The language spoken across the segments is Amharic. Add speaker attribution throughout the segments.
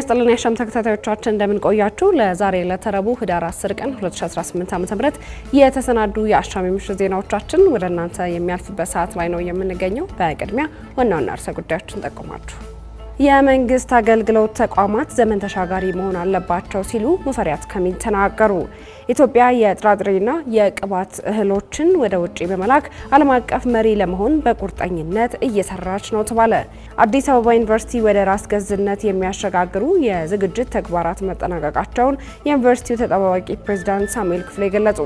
Speaker 1: ይስጥልን የአሻም ተከታታዮቻችን እንደምን ቆያችሁ? ለዛሬ ለተረቡ ህዳር 10 ቀን 2018 ዓ.ም የተሰናዱ የአሻም የምሽት ዜናዎቻችን ወደ እናንተ የሚያልፍበት ሰዓት ላይ ነው የምንገኘው። በቅድሚያ ዋና ዋና እርዕሰ ጉዳዮችን ጠቁማችሁ የመንግስት አገልግሎት ተቋማት ዘመን ተሻጋሪ መሆን አለባቸው ሲሉ ሙፈሪያት ካሚል ተናገሩ። ኢትዮጵያ የጥራጥሬና የቅባት እህሎችን ወደ ውጭ በመላክ ዓለም አቀፍ መሪ ለመሆን በቁርጠኝነት እየሰራች ነው ተባለ። አዲስ አበባ ዩኒቨርሲቲ ወደ ራስ ገዝነት የሚያሸጋግሩ የዝግጅት ተግባራት መጠናቀቃቸውን የዩኒቨርሲቲው ተጠባባቂ ፕሬዚዳንት ሳሙኤል ክፍሌ ገለጹ።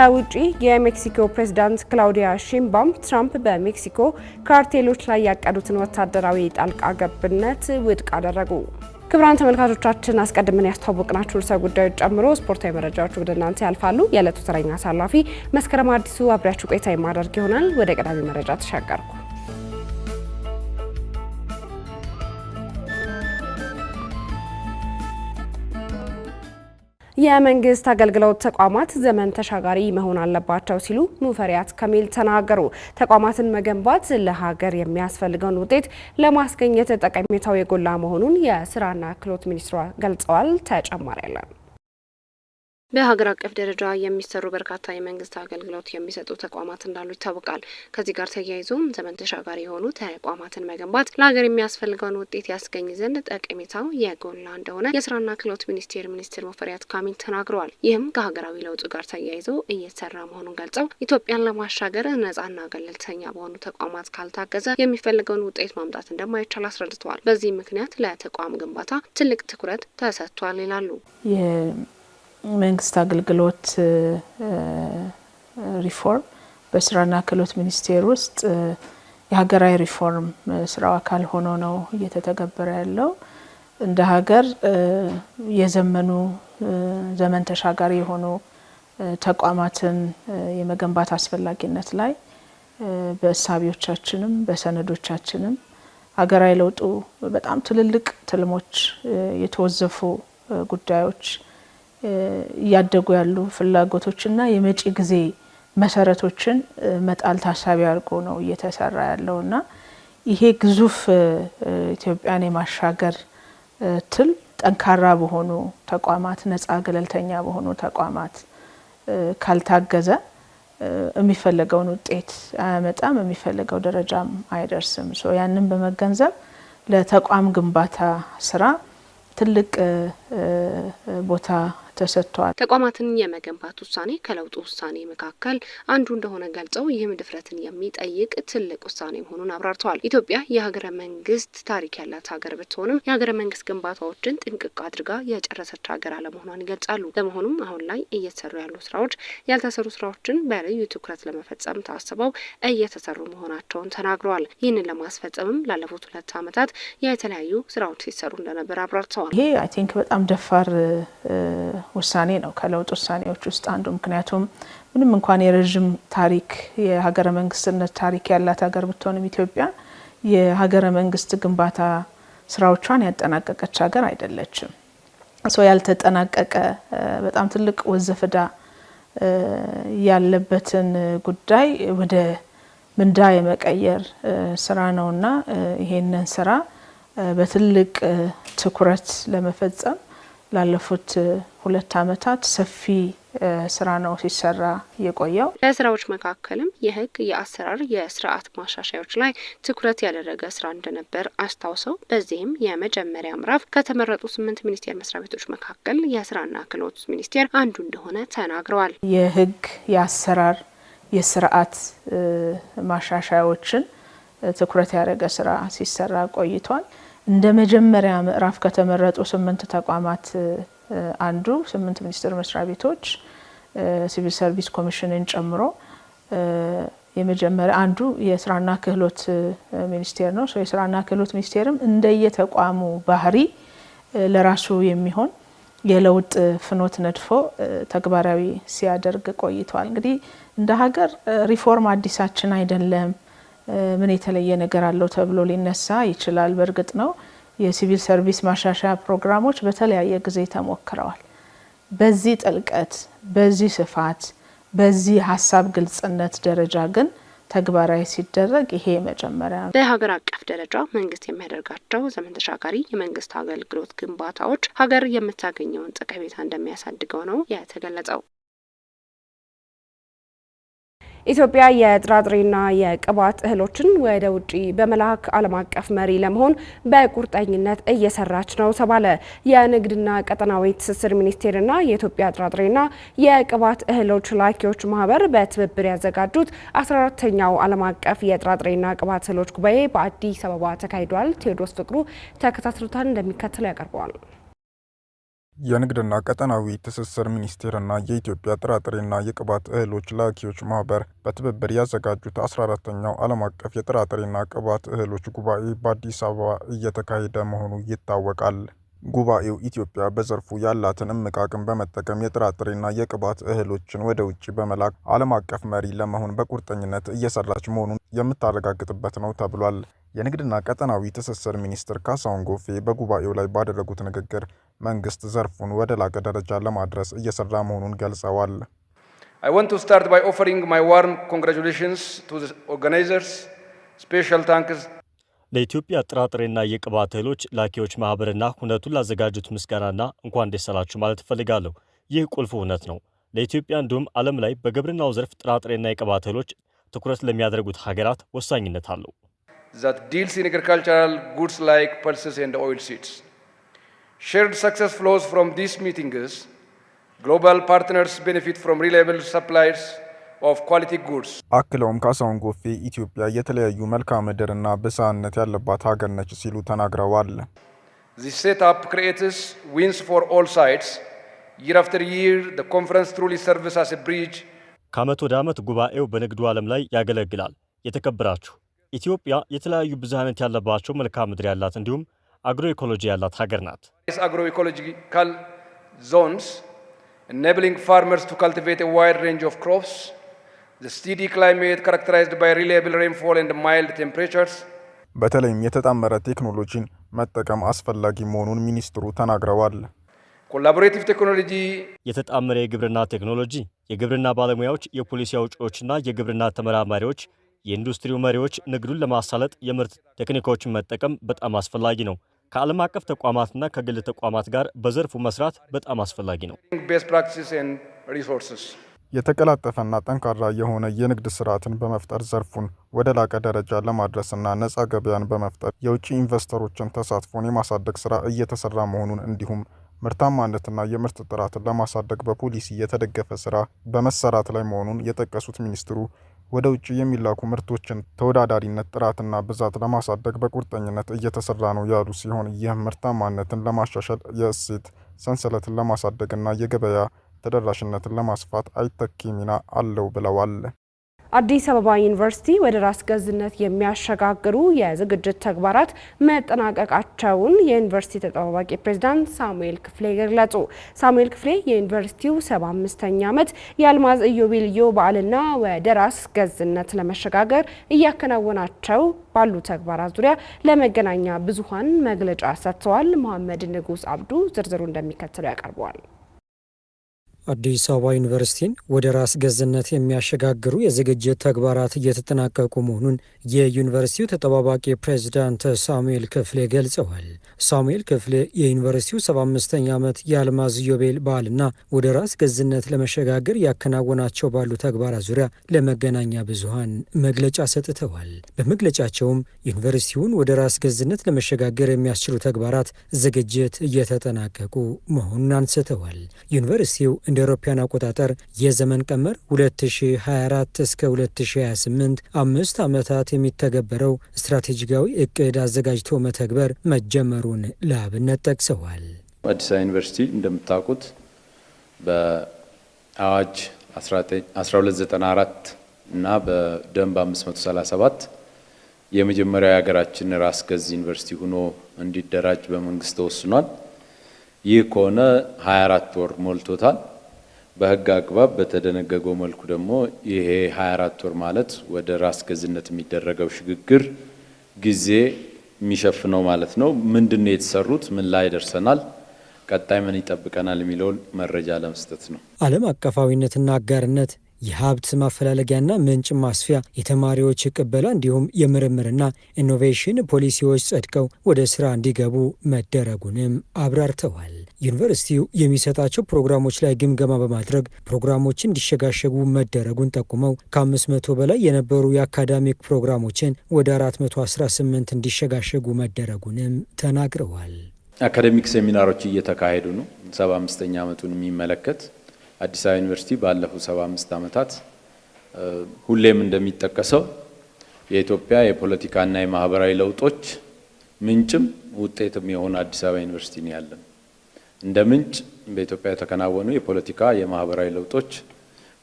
Speaker 1: ከውጪ የሜክሲኮ ፕሬዝዳንት ክላውዲያ ሺምባም ትራምፕ በሜክሲኮ ካርቴሎች ላይ ያቀዱትን ወታደራዊ ጣልቃ ገብነት ውድቅ አደረጉ። ክቡራን ተመልካቾቻችን አስቀድመን ያስተዋወቅናችሁ ርዕሰ ጉዳዮች ጨምሮ ስፖርታዊ መረጃዎች ወደ እናንተ ያልፋሉ። የዕለቱ ተረኛ አሳላፊ መስከረም አዲሱ አብሪያችሁ ቆይታ የማደርግ ይሆናል። ወደ ቀዳሚ መረጃ ተሻገርኩ። የመንግስት አገልግሎት ተቋማት ዘመን ተሻጋሪ መሆን አለባቸው ሲሉ ሙፈሪያት ከሚል ተናገሩ። ተቋማትን መገንባት ለሀገር የሚያስፈልገውን ውጤት ለማስገኘት ጠቀሜታው የጎላ መሆኑን የስራና ክህሎት ሚኒስትሯ ገልጸዋል። ተጨማሪ ያለን በሀገር አቀፍ ደረጃ የሚሰሩ በርካታ የመንግስት አገልግሎት የሚሰጡ ተቋማት እንዳሉ ይታወቃል። ከዚህ ጋር ተያይዞም ዘመን ተሻጋሪ የሆኑ ተቋማትን መገንባት ለሀገር የሚያስፈልገውን ውጤት ያስገኝ ዘንድ ጠቀሜታው የጎላ እንደሆነ የስራና ክህሎት ሚኒስቴር ሚኒስትር ሙፈሪያት ካሚል ተናግረዋል። ይህም ከሀገራዊ ለውጡ ጋር ተያይዞ እየተሰራ መሆኑን ገልጸው ኢትዮጵያን ለማሻገር ነጻና ገለልተኛ በሆኑ ተቋማት ካልታገዘ የሚፈልገውን ውጤት ማምጣት እንደማይቻል አስረድተዋል። በዚህ ምክንያት ለተቋም ግንባታ ትልቅ ትኩረት ተሰጥቷል ይላሉ።
Speaker 2: መንግስት አገልግሎት ሪፎርም በስራና ክህሎት ሚኒስቴር ውስጥ የሀገራዊ ሪፎርም ስራው አካል ሆኖ ነው እየተተገበረ ያለው። እንደ ሀገር የዘመኑ ዘመን ተሻጋሪ የሆኑ ተቋማትን የመገንባት አስፈላጊነት ላይ በእሳቢዎቻችንም በሰነዶቻችንም ሀገራዊ ለውጡ በጣም ትልልቅ ትልሞች የተወዘፉ ጉዳዮች እያደጉ ያሉ ፍላጎቶችና የመጪ ጊዜ መሰረቶችን መጣል ታሳቢ አድርጎ ነው እየተሰራ ያለው እና ይሄ ግዙፍ ኢትዮጵያን የማሻገር ትል ጠንካራ በሆኑ ተቋማት፣ ነፃ ገለልተኛ በሆኑ ተቋማት ካልታገዘ የሚፈለገውን ውጤት አያመጣም፣ የሚፈለገው ደረጃም አይደርስም። ያንን በመገንዘብ ለተቋም ግንባታ ስራ ትልቅ ቦታ ተሰጥቷል።
Speaker 1: ተቋማትን የመገንባት ውሳኔ ከለውጡ ውሳኔ መካከል አንዱ እንደሆነ ገልጸው ይህም ድፍረትን የሚጠይቅ ትልቅ ውሳኔ መሆኑን አብራርተዋል። ኢትዮጵያ የሀገረ መንግስት ታሪክ ያላት ሀገር ብትሆንም የሀገረ መንግስት ግንባታዎችን ጥንቅቅ አድርጋ የጨረሰች ሀገር አለመሆኗን ይገልጻሉ። በመሆኑም አሁን ላይ እየተሰሩ ያሉ ስራዎች ያልተሰሩ ስራዎችን በልዩ ትኩረት ለመፈጸም ታስበው እየተሰሩ መሆናቸውን ተናግረዋል። ይህንን ለማስፈጸምም ላለፉት ሁለት ዓመታት የተለያዩ ስራዎች ሲሰሩ እንደነበር አብራርተዋል።
Speaker 2: ይሄ አይ ቲንክ በጣም ደፋር ውሳኔ ነው ከለውጥ ውሳኔዎች ውስጥ አንዱ። ምክንያቱም ምንም እንኳን የረዥም ታሪክ የሀገረ መንግስትነት ታሪክ ያላት ሀገር ብትሆንም ኢትዮጵያ የሀገረ መንግስት ግንባታ ስራዎቿን ያጠናቀቀች ሀገር አይደለችም። ሰው ያልተጠናቀቀ በጣም ትልቅ ወዘፍዳ ያለበትን ጉዳይ ወደ ምንዳ የመቀየር ስራ ነውና ይሄንን ስራ በትልቅ ትኩረት ለመፈጸም ላለፉት ሁለት ዓመታት ሰፊ ስራ ነው ሲሰራ የቆየው።
Speaker 1: ከስራዎች መካከልም የህግ፣ የአሰራር፣ የስርዓት ማሻሻዮች ላይ ትኩረት ያደረገ ስራ እንደነበር አስታውሰው በዚህም የመጀመሪያ ምዕራፍ ከተመረጡ ስምንት ሚኒስቴር መስሪያ ቤቶች መካከል የስራና ክህሎት ሚኒስቴር አንዱ እንደሆነ ተናግረዋል።
Speaker 2: የህግ፣ የአሰራር፣ የስርዓት ማሻሻዮችን ትኩረት ያደረገ ስራ ሲሰራ ቆይቷል። እንደ መጀመሪያ ምዕራፍ ከተመረጡ ስምንት ተቋማት አንዱ ስምንት ሚኒስቴር መስሪያ ቤቶች ሲቪል ሰርቪስ ኮሚሽንን ጨምሮ የመጀመሪያ አንዱ የስራና ክህሎት ሚኒስቴር ነው። የስራና ክህሎት ሚኒስቴርም እንደየተቋሙ ባህሪ ለራሱ የሚሆን የለውጥ ፍኖት ነድፎ ተግባራዊ ሲያደርግ ቆይቷል። እንግዲህ እንደ ሀገር ሪፎርም አዲሳችን አይደለም። ምን የተለየ ነገር አለው ተብሎ ሊነሳ ይችላል። በእርግጥ ነው የሲቪል ሰርቪስ ማሻሻያ ፕሮግራሞች በተለያየ ጊዜ ተሞክረዋል። በዚህ ጥልቀት፣ በዚህ ስፋት፣ በዚህ ሀሳብ ግልጽነት ደረጃ ግን ተግባራዊ ሲደረግ ይሄ መጀመሪያ ነው።
Speaker 1: በሀገር አቀፍ ደረጃ መንግስት የሚያደርጋቸው ዘመን ተሻጋሪ የመንግስት አገልግሎት ግንባታዎች ሀገር የምታገኘውን ጠቀሜታ እንደሚያሳድገው ነው የተገለጸው። ኢትዮጵያ የጥራጥሬና የቅባት እህሎችን ወደ ውጭ በመላክ ዓለም አቀፍ መሪ ለመሆን በቁርጠኝነት እየሰራች ነው ተባለ። የንግድና ቀጠናዊ ትስስር ሚኒስቴርና የኢትዮጵያ ጥራጥሬና የቅባት እህሎች ላኪዎች ማህበር በትብብር ያዘጋጁት 14ተኛው ዓለም አቀፍ የጥራጥሬና ቅባት እህሎች ጉባኤ በአዲስ አበባ ተካሂዷል። ቴዎድሮስ ፍቅሩ ተከታትሎታል፣ እንደሚከተለው ያቀርበዋል።
Speaker 3: የንግድና ቀጠናዊ ትስስር ሚኒስቴርና የኢትዮጵያ ጥራጥሬና የቅባት እህሎች ላኪዎች ማህበር በትብብር ያዘጋጁት 14ተኛው ዓለም አቀፍ የጥራጥሬና ቅባት እህሎች ጉባኤ በአዲስ አበባ እየተካሄደ መሆኑ ይታወቃል። ጉባኤው ኢትዮጵያ በዘርፉ ያላትን እምቅ አቅም በመጠቀም የጥራጥሬና የቅባት እህሎችን ወደ ውጭ በመላክ ዓለም አቀፍ መሪ ለመሆን በቁርጠኝነት እየሰራች መሆኑን የምታረጋግጥበት ነው ተብሏል። የንግድና ቀጠናዊ ትስስር ሚኒስትር ካሳሁን ጎፌ በጉባኤው ላይ ባደረጉት ንግግር መንግስት ዘርፉን ወደ ላቀ ደረጃ ለማድረስ እየሰራ መሆኑን ገልጸዋል።
Speaker 4: I want to start by offering my warm congratulations to the organizers, special thanks
Speaker 5: ለኢትዮጵያ ጥራጥሬና የቅባት እህሎች ላኪዎች ማኅበርና ሁነቱን ላዘጋጁት ምስጋናና እንኳን ደስ አላችሁ ማለት እፈልጋለሁ። ይህ ቁልፍ እውነት ነው ለኢትዮጵያ እንዲሁም ዓለም ላይ በግብርናው ዘርፍ ጥራጥሬና የቅባት እህሎች ትኩረት ለሚያደርጉት ሀገራት ወሳኝነት አለው።
Speaker 4: ግሎባል ፓርትነርስ ቤኔፊት ፍሮም ሪላየብል ሰፕላይስ ኦፍ ኳሊቲ ጉድስ።
Speaker 3: አክለውም ካሳሁን ጎፌ ኢትዮጵያ የተለያዩ መልክዓ እና ብዝሃነት ያለባት ሀገር ነች ሲሉ ተናግረዋል።
Speaker 4: ዚስ ሴት አፕ ክሪኤትስ ዊንስ ፎር ኦል ሳይድስ ይር አፍተር ይር ዘ ኮንፈረንስ ትሩሊ ሰርቭስ አስ ብሪጅ።
Speaker 5: ከዓመት ወደ ዓመት ጉባኤው በንግዱ ዓለም ላይ ያገለግላል። የተከበራችሁ ኢትዮጵያ የተለያዩ ብዝሃነት ያለባቸው መልክዓ ምድር ያላት እንዲሁም አግሮ ኢኮሎጂ ያላት ሀገር ናት።
Speaker 4: አግሮ ኢኮሎጂካል ዞንስ ኢኔብሊንግ ፋርመርስ ቱ ካልቲቬት ዋይድ ሬንጅ ኦፍ ክሮፕስ The steady climate characterized by reliable rainfall and mild temperatures
Speaker 3: በተለይም የተጣመረ ቴክኖሎጂን መጠቀም አስፈላጊ መሆኑን ሚኒስትሩ ተናግረዋል።
Speaker 4: ኮላቦሬቲቭ ቴክኖሎጂ
Speaker 5: የተጣመረ የግብርና ቴክኖሎጂ የግብርና ባለሙያዎች፣ የፖሊሲ አውጪዎችና የግብርና ተመራማሪዎች፣ የኢንዱስትሪው መሪዎች ንግዱን ለማሳለጥ የምርት ቴክኒኮችን መጠቀም በጣም አስፈላጊ ነው። ከዓለም አቀፍ ተቋማትና ከግል ተቋማት ጋር በዘርፉ መስራት በጣም አስፈላጊ ነው።
Speaker 3: የተቀላጠፈና ጠንካራ የሆነ የንግድ ስርዓትን በመፍጠር ዘርፉን ወደ ላቀ ደረጃ ለማድረስና ነጻ ገበያን በመፍጠር የውጭ ኢንቨስተሮችን ተሳትፎን የማሳደግ ስራ እየተሰራ መሆኑን እንዲሁም ምርታማነትና የምርት ጥራትን ለማሳደግ በፖሊሲ የተደገፈ ስራ በመሰራት ላይ መሆኑን የጠቀሱት ሚኒስትሩ ወደ ውጭ የሚላኩ ምርቶችን ተወዳዳሪነት፣ ጥራትና ብዛት ለማሳደግ በቁርጠኝነት እየተሰራ ነው ያሉ ሲሆን ይህም ምርታማነትን ለማሻሻል የእሴት ሰንሰለትን ለማሳደግና የገበያ ተደራሽነትን ለማስፋት አይተኪ ሚና አለው ብለዋል።
Speaker 1: አዲስ አበባ ዩኒቨርሲቲ ወደ ራስ ገዝነት የሚያሸጋግሩ የዝግጅት ተግባራት መጠናቀቃቸውን የዩኒቨርሲቲ ተጠባባቂ ፕሬዝዳንት ሳሙኤል ክፍሌ ገለጹ። ሳሙኤል ክፍሌ የዩኒቨርሲቲው 75ኛ ዓመት የአልማዝ ኢዮቤልዩ በዓልና ወደ ራስ ገዝነት ለመሸጋገር እያከናወናቸው ባሉ ተግባራት ዙሪያ ለመገናኛ ብዙኃን መግለጫ ሰጥተዋል። መሐመድ ንጉስ አብዱ ዝርዝሩ እንደሚከተለው ያቀርበዋል።
Speaker 6: አዲስ አበባ ዩኒቨርሲቲን ወደ ራስ ገዝነት የሚያሸጋግሩ የዝግጅት ተግባራት እየተጠናቀቁ መሆኑን የዩኒቨርሲቲው ተጠባባቂ ፕሬዚዳንት ሳሙኤል ክፍሌ ገልጸዋል። ሳሙኤል ክፍሌ የዩኒቨርሲቲው 75ኛ ዓመት የአልማዝ ዮቤል በዓልና ወደ ራስ ገዝነት ለመሸጋገር ያከናወናቸው ባሉ ተግባራት ዙሪያ ለመገናኛ ብዙሃን መግለጫ ሰጥተዋል። በመግለጫቸውም ዩኒቨርሲቲውን ወደ ራስ ገዝነት ለመሸጋገር የሚያስችሉ ተግባራት ዝግጅት እየተጠናቀቁ መሆኑን አንስተዋል። ዩኒቨርሲቲው እንደ አውሮፓውያን አቆጣጠር የዘመን ቀመር 2024 እስከ 2028 አምስት ዓመታት የሚተገበረው ስትራቴጂካዊ እቅድ አዘጋጅቶ መተግበር መጀመሩን ለአብነት ጠቅሰዋል።
Speaker 7: አዲስ አበባ ዩኒቨርሲቲ እንደምታውቁት በአዋጅ 1294 እና በደንብ 537 የመጀመሪያው የሀገራችን ራስ ገዝ ዩኒቨርሲቲ ሆኖ እንዲደራጅ በመንግስት ተወስኗል። ይህ ከሆነ 24 ወር ሞልቶታል። በህግ አግባብ በተደነገገው መልኩ ደግሞ ይሄ 24 ወር ማለት ወደ ራስ ገዝነት የሚደረገው ሽግግር ጊዜ የሚሸፍነው ማለት ነው። ምንድን ነው የተሰሩት? ምን ላይ ደርሰናል? ቀጣይ ምን ይጠብቀናል? የሚለውን መረጃ ለመስጠት ነው።
Speaker 6: ዓለም አቀፋዊነትና አጋርነት የሀብት ማፈላለጊያና ምንጭ ማስፊያ፣ የተማሪዎች ቅበላ እንዲሁም የምርምርና ኢኖቬሽን ፖሊሲዎች ጸድቀው ወደ ስራ እንዲገቡ መደረጉንም አብራርተዋል። ዩኒቨርሲቲው የሚሰጣቸው ፕሮግራሞች ላይ ግምገማ በማድረግ ፕሮግራሞች እንዲሸጋሸጉ መደረጉን ጠቁመው ከ500 በላይ የነበሩ የአካዳሚክ ፕሮግራሞችን ወደ 418 እንዲሸጋሸጉ መደረጉንም ተናግረዋል።
Speaker 7: አካደሚክ ሴሚናሮች እየተካሄዱ ነው። 75ኛ ዓመቱን የሚመለከት አዲስ አበባ ዩኒቨርሲቲ ባለፉት 75 ዓመታት ሁሌም እንደሚጠቀሰው የኢትዮጵያ የፖለቲካና የማህበራዊ ለውጦች ምንጭም ውጤትም የሆነ አዲስ አበባ ዩኒቨርሲቲ ነው ያለን። እንደ ምንጭ በኢትዮጵያ የተከናወኑ የፖለቲካ የማህበራዊ ለውጦች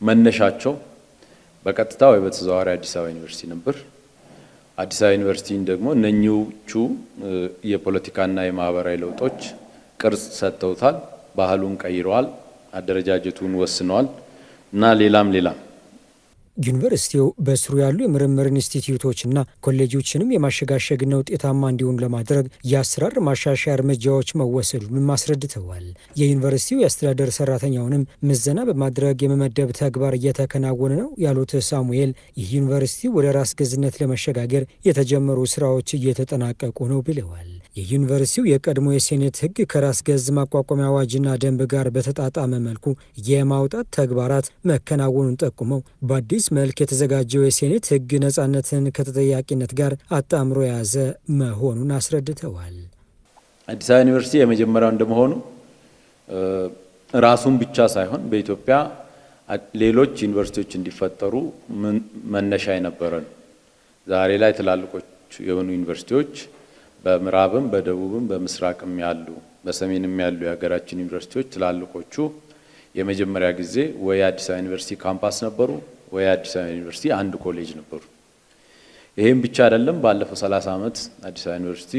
Speaker 7: መነሻቸው በቀጥታ ወይ በተዘዋዋሪ አዲስ አበባ ዩኒቨርሲቲ ነበር። አዲስ አበባ ዩኒቨርሲቲን ደግሞ እነኚዎቹ የፖለቲካና የማህበራዊ ለውጦች ቅርጽ ሰጥተውታል። ባህሉን ቀይረዋል፣ አደረጃጀቱን ወስነዋል እና ሌላም ሌላም
Speaker 6: ዩኒቨርሲቲው በስሩ ያሉ የምርምር ኢንስቲትዩቶችና ኮሌጆችንም የማሸጋሸግና ውጤታማ እንዲሆኑ ለማድረግ የአሰራር ማሻሻያ እርምጃዎች መወሰዱንም አስረድተዋል። የዩኒቨርሲቲው የአስተዳደር ሰራተኛውንም ምዘና በማድረግ የመመደብ ተግባር እየተከናወነ ነው ያሉት ሳሙኤል ይህ ዩኒቨርሲቲ ወደ ራስ ገዝነት ለመሸጋገር የተጀመሩ ስራዎች እየተጠናቀቁ ነው ብለዋል። የዩኒቨርሲቲው የቀድሞ የሴኔት ህግ ከራስ ገዝ ማቋቋሚያ አዋጅና ደንብ ጋር በተጣጣመ መልኩ የማውጣት ተግባራት መከናወኑን ጠቁመው በአዲስ መልክ የተዘጋጀው የሴኔት ህግ ነጻነትን ከተጠያቂነት ጋር አጣምሮ የያዘ መሆኑን አስረድተዋል።
Speaker 7: አዲስ አበባ ዩኒቨርሲቲ የመጀመሪያው እንደመሆኑ ራሱን ብቻ ሳይሆን በኢትዮጵያ ሌሎች ዩኒቨርሲቲዎች እንዲፈጠሩ መነሻ የነበረ ዛሬ ላይ ትላልቆች የሆኑ ዩኒቨርሲቲዎች በምዕራብም በደቡብም በምስራቅም ያሉ በሰሜንም ያሉ የሀገራችን ዩኒቨርሲቲዎች ትላልቆቹ የመጀመሪያ ጊዜ ወይ አዲስ አበባ ዩኒቨርሲቲ ካምፓስ ነበሩ ወይ አዲስ አበባ ዩኒቨርሲቲ አንድ ኮሌጅ ነበሩ። ይህም ብቻ አይደለም። ባለፈው 30 ዓመት አዲስ አበባ ዩኒቨርሲቲ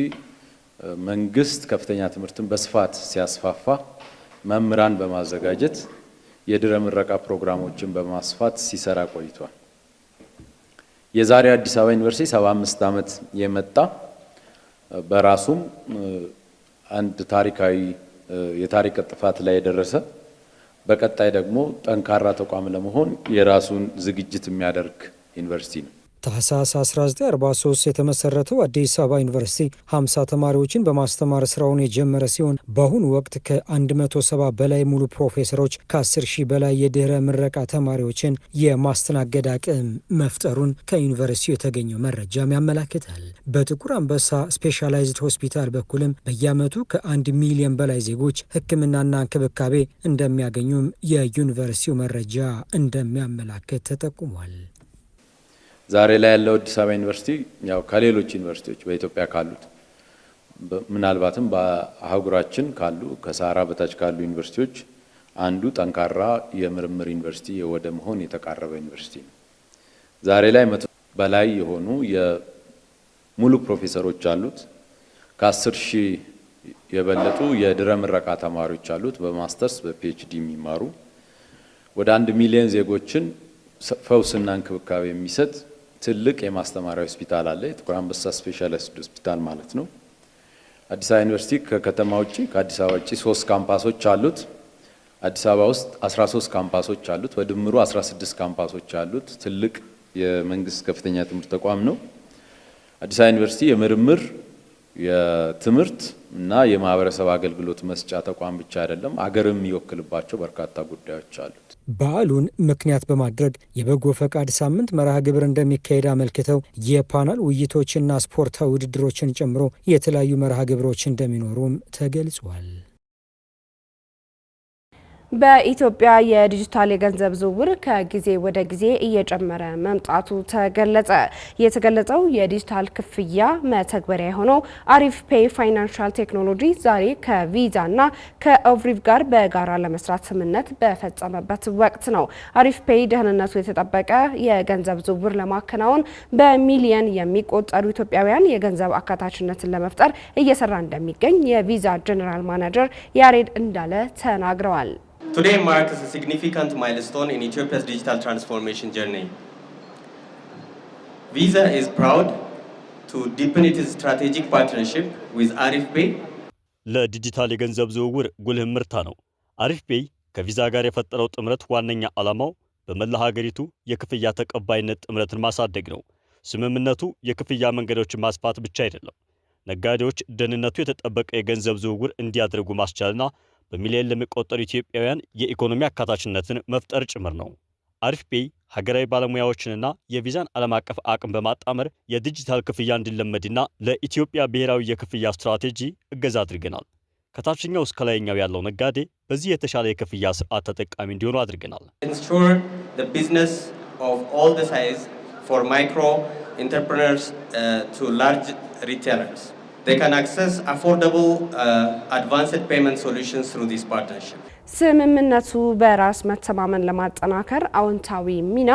Speaker 7: መንግስት ከፍተኛ ትምህርትን በስፋት ሲያስፋፋ መምህራን በማዘጋጀት የድረ ምረቃ ፕሮግራሞችን በማስፋት ሲሰራ ቆይቷል። የዛሬ አዲስ አበባ ዩኒቨርሲቲ 75 ዓመት የመጣ በራሱም አንድ ታሪካዊ የታሪክ ጥፋት ላይ የደረሰ በቀጣይ ደግሞ ጠንካራ ተቋም ለመሆን የራሱን ዝግጅት የሚያደርግ ዩኒቨርሲቲ ነው።
Speaker 6: ታህሳስ 1943 የተመሰረተው አዲስ አበባ ዩኒቨርሲቲ 50 ተማሪዎችን በማስተማር ስራውን የጀመረ ሲሆን በአሁኑ ወቅት ከ170 በላይ ሙሉ ፕሮፌሰሮች ከ10 ሺህ በላይ የድህረ ምረቃ ተማሪዎችን የማስተናገድ አቅም መፍጠሩን ከዩኒቨርሲቲው የተገኘው መረጃም ያመላክታል። በጥቁር አንበሳ ስፔሻላይዝድ ሆስፒታል በኩልም በየዓመቱ ከአንድ ሚሊዮን በላይ ዜጎች ሕክምናና እንክብካቤ እንደሚያገኙም የዩኒቨርሲቲው መረጃ እንደሚያመላክት ተጠቁሟል።
Speaker 7: ዛሬ ላይ ያለው አዲስ አበባ ዩኒቨርሲቲ ያው ከሌሎች ዩኒቨርሲቲዎች በኢትዮጵያ ካሉት ምናልባትም በአህጉራችን ካሉ ከሳራ በታች ካሉ ዩኒቨርሲቲዎች አንዱ ጠንካራ የምርምር ዩኒቨርሲቲ ወደ መሆን የተቃረበ ዩኒቨርሲቲ ነው። ዛሬ ላይ መቶ በላይ የሆኑ የሙሉ ፕሮፌሰሮች አሉት። ከአስር ሺህ የበለጡ የድረ ምረቃ ተማሪዎች አሉት፣ በማስተርስ በፒኤችዲ የሚማሩ ወደ አንድ ሚሊዮን ዜጎችን ፈውስና እንክብካቤ የሚሰጥ ትልቅ የማስተማሪያ ሆስፒታል አለ። የጥቁር አንበሳ ስፔሻላይዝድ ሆስፒታል ማለት ነው። አዲስ አበባ ዩኒቨርሲቲ ከከተማ ውጭ ከአዲስ አበባ ውጭ ሶስት ካምፓሶች አሉት። አዲስ አበባ ውስጥ 13 ካምፓሶች አሉት። በድምሩ 16 ካምፓሶች አሉት። ትልቅ የመንግስት ከፍተኛ ትምህርት ተቋም ነው። አዲስ አበባ ዩኒቨርሲቲ የምርምር የትምህርት እና የማህበረሰብ አገልግሎት መስጫ ተቋም ብቻ አይደለም፣ አገርም የሚወክልባቸው በርካታ ጉዳዮች አሉት።
Speaker 6: በዓሉን ምክንያት በማድረግ የበጎ ፈቃድ ሳምንት መርሃ ግብር እንደሚካሄድ አመልክተው የፓናል ውይይቶችና ስፖርታዊ ውድድሮችን ጨምሮ የተለያዩ መርሃ ግብሮች እንደሚኖሩም ተገልጿል።
Speaker 1: በኢትዮጵያ የዲጂታል የገንዘብ ዝውውር ከጊዜ ወደ ጊዜ እየጨመረ መምጣቱ ተገለጸ። የተገለጸው የዲጂታል ክፍያ መተግበሪያ የሆነው አሪፍ ፔይ ፋይናንሻል ቴክኖሎጂ ዛሬ ከቪዛና ከኦቭሪቭ ጋር በጋራ ለመስራት ስምምነት በፈጸመበት ወቅት ነው። አሪፍ ፔይ ደህንነቱ የተጠበቀ የገንዘብ ዝውውር ለማከናወን በሚሊየን የሚቆጠሩ ኢትዮጵያውያን የገንዘብ አካታችነትን ለመፍጠር እየሰራ እንደሚገኝ የቪዛ ጀኔራል ማናጀር ያሬድ እንዳለ ተናግረዋል።
Speaker 4: Today marks a significant milestone in Ethiopia's digital transformation journey. Visa is proud to deepen its strategic partnership with Arif
Speaker 5: ለዲጂታል የገንዘብ ዝውውር ጉልህ ምርታ ነው። አሪፍ ፔይ ከቪዛ ጋር የፈጠረው ጥምረት ዋነኛ ዓላማው በመላ ሀገሪቱ የክፍያ ተቀባይነት ጥምረትን ማሳደግ ነው። ስምምነቱ የክፍያ መንገዶችን ማስፋት ብቻ አይደለም፣ ነጋዴዎች ደህንነቱ የተጠበቀ የገንዘብ ዝውውር እንዲያደርጉ ማስቻልና በሚሊዮን ለሚቆጠሩ ኢትዮጵያውያን የኢኮኖሚ አካታችነትን መፍጠር ጭምር ነው። አሪፍ ሀገራዊ ባለሙያዎችንና የቪዛን ዓለም አቀፍ አቅም በማጣመር የዲጂታል ክፍያ እንዲለመድና ለኢትዮጵያ ብሔራዊ የክፍያ ስትራቴጂ እገዛ አድርገናል። ከታችኛው እስከ ላይኛው ያለው ነጋዴ በዚህ የተሻለ የክፍያ ስርዓት ተጠቃሚ እንዲሆኑ አድርገናል።
Speaker 4: ኢንሹር they can access affordable uh, advanced payment solutions through this partnership.
Speaker 1: ስምምነቱ በራስ መተማመን ለማጠናከር አዎንታዊ ሚና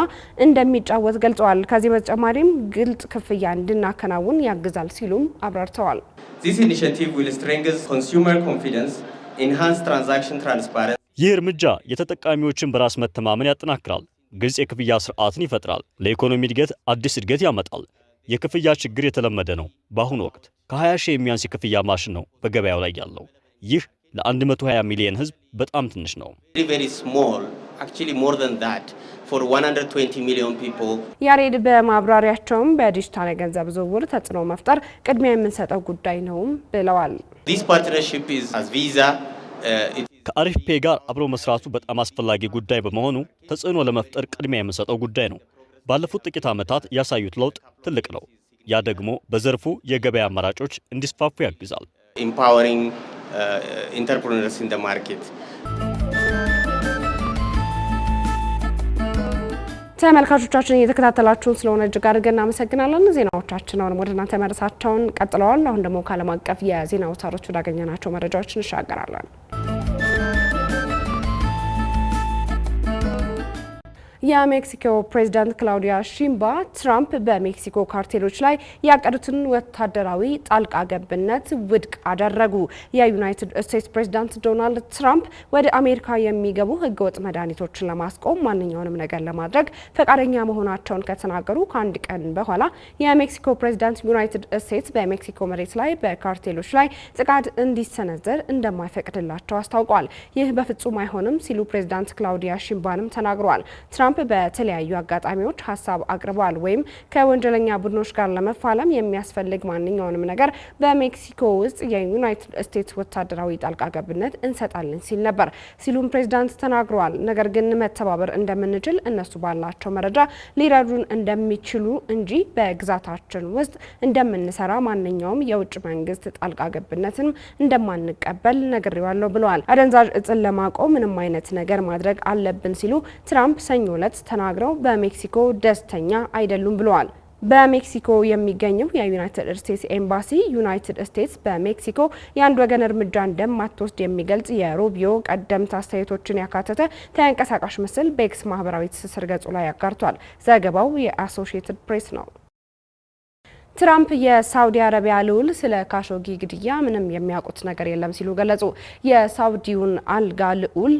Speaker 1: እንደሚጫወት ገልጸዋል። ከዚህ በተጨማሪም ግልጽ ክፍያ እንድናከናውን ያግዛል ሲሉም አብራርተዋል።
Speaker 4: This initiative will strengthen consumer confidence, enhance transaction transparency.
Speaker 5: ይህ እርምጃ የተጠቃሚዎችን በራስ መተማመን ያጠናክራል፣ ግልጽ የክፍያ ስርዓትን ይፈጥራል፣ ለኢኮኖሚ እድገት አዲስ እድገት ያመጣል። የክፍያ ችግር የተለመደ ነው። በአሁኑ ወቅት ከ20 ሺህ የሚያንስ የክፍያ ማሽን ነው በገበያው ላይ ያለው። ይህ ለ120 ሚሊዮን ህዝብ በጣም ትንሽ ነው።
Speaker 1: ያሬድ በማብራሪያቸውም በዲጂታል የገንዘብ ዝውውር ተጽዕኖ መፍጠር ቅድሚያ የምንሰጠው ጉዳይ ነውም ብለዋል። uh,
Speaker 5: ከአሪፍ ፔ ጋር አብሮ መስራቱ በጣም አስፈላጊ ጉዳይ በመሆኑ ተጽዕኖ ለመፍጠር ቅድሚያ የምንሰጠው ጉዳይ ነው። ባለፉት ጥቂት ዓመታት ያሳዩት ለውጥ ትልቅ ነው። ያ ደግሞ በዘርፉ የገበያ አማራጮች እንዲስፋፉ ያግዛል።
Speaker 4: ኢምፓወሪንግ ኢንተርፕሪነርስ ኢን ደ ማርኬት
Speaker 1: ተመልካቾቻችን እየተከታተላችሁን ስለሆነ እጅግ አድርገን እናመሰግናለን። ዜናዎቻችን አሁንም ወደ እናንተ መረሳቸውን ቀጥለዋል። አሁን ደግሞ ከዓለም አቀፍ የዜና አውታሮች ወዳገኘናቸው መረጃዎች እንሻገራለን። የሜክሲኮ ፕሬዚዳንት ክላውዲያ ሺምባ ትራምፕ በሜክሲኮ ካርቴሎች ላይ ያቀዱትን ወታደራዊ ጣልቃ ገብነት ውድቅ አደረጉ። የዩናይትድ ስቴትስ ፕሬዚዳንት ዶናልድ ትራምፕ ወደ አሜሪካ የሚገቡ ህገወጥ መድኃኒቶችን ለማስቆም ማንኛውንም ነገር ለማድረግ ፈቃደኛ መሆናቸውን ከተናገሩ ከአንድ ቀን በኋላ የሜክሲኮ ፕሬዚዳንት ዩናይትድ ስቴትስ በሜክሲኮ መሬት ላይ በካርቴሎች ላይ ጥቃት እንዲሰነዘር እንደማይፈቅድላቸው አስታውቋል። ይህ በፍጹም አይሆንም ሲሉ ፕሬዚዳንት ክላውዲያ ሺምባንም ተናግረዋል። ትራምፕ በተለያዩ አጋጣሚዎች ሀሳብ አቅርበዋል ወይም ከወንጀለኛ ቡድኖች ጋር ለመፋለም የሚያስፈልግ ማንኛውንም ነገር በሜክሲኮ ውስጥ የዩናይትድ ስቴትስ ወታደራዊ ጣልቃ ገብነት እንሰጣለን ሲል ነበር ሲሉም ፕሬዚዳንት ተናግረዋል። ነገር ግን መተባበር እንደምንችል እነሱ ባላቸው መረጃ ሊረዱን እንደሚችሉ እንጂ በግዛታችን ውስጥ እንደምንሰራ ማንኛውም የውጭ መንግስት ጣልቃ ገብነትን እንደማንቀበል ነግሬዋለሁ ብለዋል። አደንዛዥ እጽን ለማቆም ምንም አይነት ነገር ማድረግ አለብን ሲሉ ትራምፕ ሰኞ ዕለት ተናግረው በሜክሲኮ ደስተኛ አይደሉም ብለዋል። በሜክሲኮ የሚገኘው የዩናይትድ ስቴትስ ኤምባሲ ዩናይትድ ስቴትስ በሜክሲኮ የአንድ ወገን እርምጃ እንደማትወስድ የሚገልጽ የሩቢዮ ቀደምት አስተያየቶችን ያካተተ ተንቀሳቃሽ ምስል በኤክስ ማህበራዊ ትስስር ገጹ ላይ አጋርቷል። ዘገባው የአሶሺየትድ ፕሬስ ነው። ትራምፕ የሳውዲ አረቢያ ልዑል ስለ ካሾጊ ግድያ ምንም የሚያውቁት ነገር የለም ሲሉ ገለጹ። የሳውዲውን አልጋ ልዑል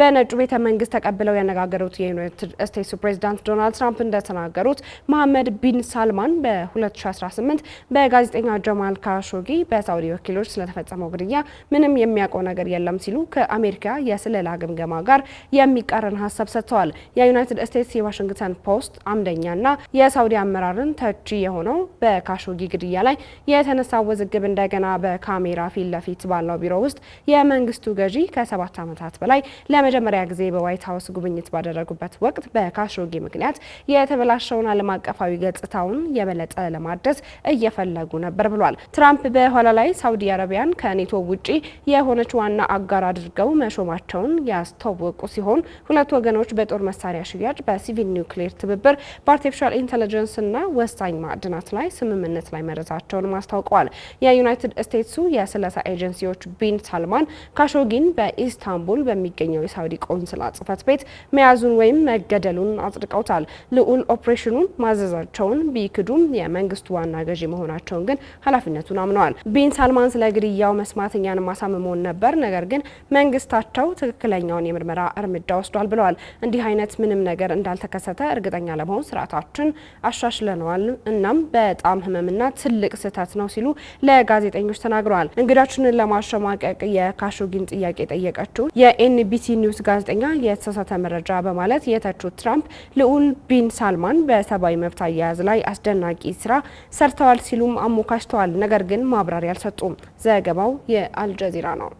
Speaker 1: በነጩ ቤተ መንግስት ተቀብለው ያነጋገሩት የዩናይትድ ስቴትስ ፕሬዚዳንት ዶናልድ ትራምፕ እንደተናገሩት መሐመድ ቢን ሳልማን በ2018 በጋዜጠኛ ጀማል ካሾጊ በሳውዲ ወኪሎች ስለተፈጸመው ግድያ ምንም የሚያውቀው ነገር የለም ሲሉ ከአሜሪካ የስለላ ግምገማ ጋር የሚቃረን ሀሳብ ሰጥተዋል። የዩናይትድ ስቴትስ የዋሽንግተን ፖስት አምደኛና የሳውዲ አመራርን ተቺ የሆነው በካሾጊ ግድያ ላይ የተነሳ ውዝግብ እንደገና በካሜራ ፊት ለፊት ባለው ቢሮ ውስጥ የመንግስቱ ገዢ ከሰባት ዓመታት በላይ ለመጀመሪያ ጊዜ በዋይት ሀውስ ጉብኝት ባደረጉበት ወቅት በካሾጌ ምክንያት የተበላሸውን ዓለም አቀፋዊ ገጽታውን የበለጠ ለማደስ እየፈለጉ ነበር ብሏል። ትራምፕ በኋላ ላይ ሳውዲ አረቢያን ከኔቶ ውጪ የሆነች ዋና አጋር አድርገው መሾማቸውን ያስታወቁ ሲሆን ሁለት ወገኖች በጦር መሳሪያ ሽያጭ፣ በሲቪል ኒውክሌር ትብብር፣ በአርቲፊሻል ኢንተለጀንስና ወሳኝ ማዕድናት ላይ ስምምነት ላይ መድረሳቸውን አስታውቀዋል። የዩናይትድ ስቴትሱ የስለሳ ኤጀንሲዎች ቢን ሳልማን ካሾጊን በኢስታንቡል በሚገኘው የሳውዲ ቆንስላ ጽህፈት ቤት መያዙን ወይም መገደሉን አጽድቀውታል። ልዑል ኦፕሬሽኑን ማዘዛቸውን ቢክዱም የመንግስቱ ዋና ገዢ መሆናቸውን ግን ኃላፊነቱን አምነዋል። ቢን ሳልማን ስለ ግድያው መስማት ማሳምመውን ነበር፣ ነገር ግን መንግስታቸው ትክክለኛውን የምርመራ እርምጃ ወስዷል ብለዋል። እንዲህ አይነት ምንም ነገር እንዳልተከሰተ እርግጠኛ ለመሆን ስርዓታችን አሻሽለነዋል። እናም በጣም ህመምና ትልቅ ስህተት ነው ሲሉ ለጋዜጠኞች ተናግረዋል። እንግዳችንን ለማሸማቀቅ የካሾጊን ጥያቄ የጠየቀችው የኤንቢሲ ኒውስ ጋዜጠኛ የተሳሳተ መረጃ በማለት የተቹት ትራምፕ ልዑል ቢን ሳልማን በሰብአዊ መብት አያያዝ ላይ አስደናቂ ስራ ሰርተዋል ሲሉም አሞካሽተዋል። ነገር ግን ማብራሪያ አልሰጡም። ዘገባው የአልጀዚራ ነው።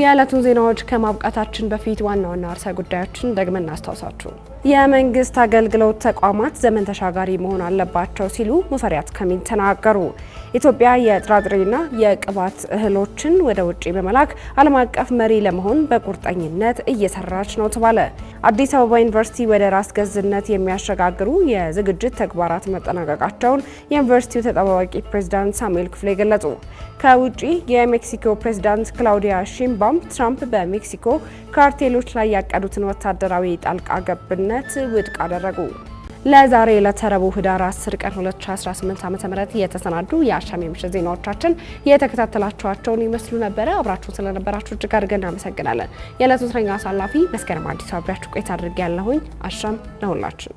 Speaker 1: የዕለቱን ዜናዎች ከማብቃታችን በፊት ዋና ዋና ርዕሰ ጉዳዮችን ደግመን እናስታውሳችሁ። የመንግስት አገልግሎት ተቋማት ዘመን ተሻጋሪ መሆን አለባቸው ሲሉ ሙፈሪያት ካሚል ተናገሩ። ኢትዮጵያ የጥራጥሬና የቅባት እህሎችን ወደ ውጭ በመላክ ዓለም አቀፍ መሪ ለመሆን በቁርጠኝነት እየሰራች ነው ተባለ። አዲስ አበባ ዩኒቨርሲቲ ወደ ራስ ገዝነት የሚያሸጋግሩ የዝግጅት ተግባራት መጠናቀቃቸውን የዩኒቨርሲቲው ተጠባባቂ ፕሬዚዳንት ሳሙኤል ክፍሌ ገለጹ። ከውጪ የሜክሲኮ ፕሬዚዳንት ክላውዲያ ሺምባም ትራምፕ በሜክሲኮ ካርቴሎች ላይ ያቀዱትን ወታደራዊ ጣልቃ ገብነት ስምምነት ውድቅ አደረጉ። ለዛሬ ለተረቡ ህዳር 10 ቀን 2018 ዓ.ም የተሰናዱ የአሻም የምሽት ዜናዎቻችን የተከታተላችኋቸውን ይመስሉ ነበረ። አብራችሁን ስለነበራችሁ እጅግ አድርገን እናመሰግናለን። የዕለቱ ተረኛ አሳላፊ መስከረም አዲስ አብሪያችሁ ቆይታ አድርጌ ያለሁኝ። አሻም ለሁላችን!